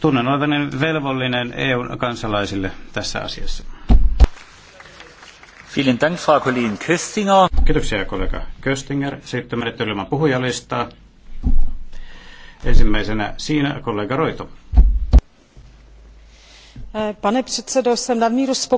Tunnen olevani niin velvollinen EUn kansalaisille tässä asiassa. Vielen Dank, Frau Colleen Köstinger. Kiitoksia, kollega Köstinger. Sitten menettely ilman puhujalistaa. Ensimmäisenä siinä kollega Roito. Pane předsedo, jsem nadmíru spokojený.